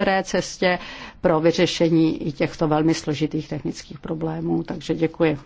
dobré cestě pro vyřešení i těchto velmi složitých technických problémů. Takže děkuji.